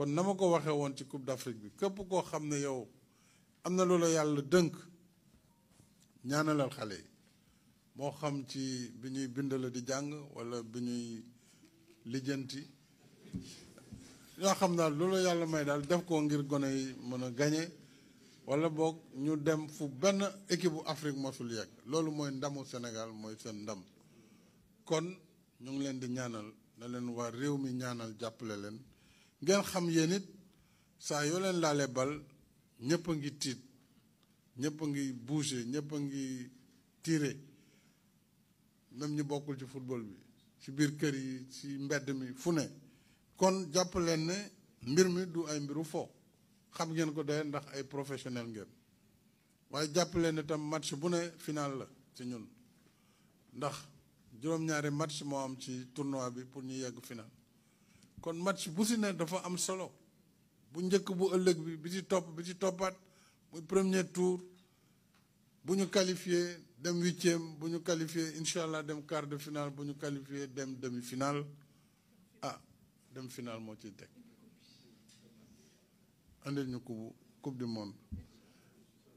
kon na ma ko waxee woon ci Coupe d'Afrique bi képp koo xam ne yow am na loola yàlla dënk ñaanalal xale yi moo xam ci bi ñuy bind la di jàng walla bi ñuy lijjanti yoo xam daal loolu yàlla may daal def ko ngir gone yi mën a gañe walla boog ñu dem fu benn équipe bu Afrique mosul yegg loolu mooy ndamu senegal mooy seen ndam kon ñu ngi leen di ñaanal na leen waa réew mi ñaanal jàppale leen ngeen xam yenit it saa yoo leen laale bal ñepp ngi tit ñepp ngi bouger ñepp ngi tirer même ñu bokul ci football bi ci bir kër yi ci mbedd mi fu ne kon japp leen ne mbir mi du ay mbiru fo xam ngeen ko doy ndax ay professionnel ngeen waye japp leen ne tam match bu ne final la ci ñun ndax juroom ñaari match mo am ci tournoi bi pour ñu yegg final kon match bu si ne dafa am solo bu njëkk bu ëllëg bi bi ci topp bi ci toppaat muy premier tour bu ñu qualifié dem huitième bu ñu qualifié incha allah dem quart de finale bu ñu qualifié dem demi finale ah dem finale moo ciy teg andil ñu kubu coupe du monde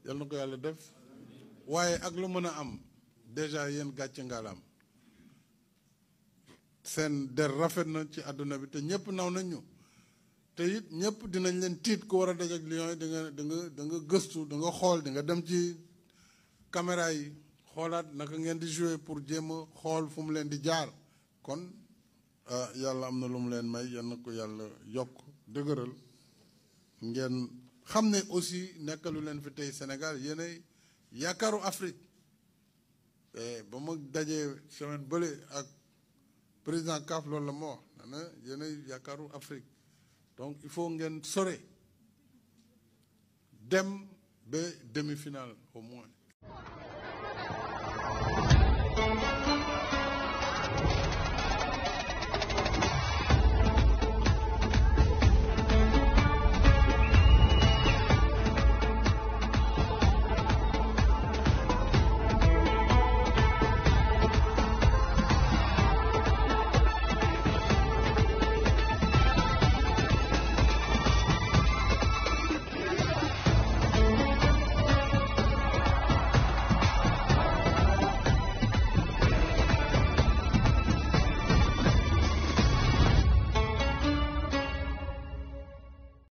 yal na ko yàlla def waaye ak lu mën a am déjà yéen gàcce ngalaam seen der rafet na ci àdduna bi te ñëpp naw nañ ñu te it ñëpp dinañ leen tiit ku war a dajeek lion yi da nga da nga da gëstu da nga xool di nga dem ci caméra yi xoolaat naka ngeen di jouer pour jéem a xool fu mu leen di jaar kon ah, yàlla am na lu mu leen may yal na ko yàlla yokk dëgëral ngeen xam ne aussi nekkalu leen fi tey Sénégal yéenay yaakaaru Afrique eh, ba ma dajee semaine bële ak président CAF la il y a Afrique donc il faut qu'on dem demi-finale au moins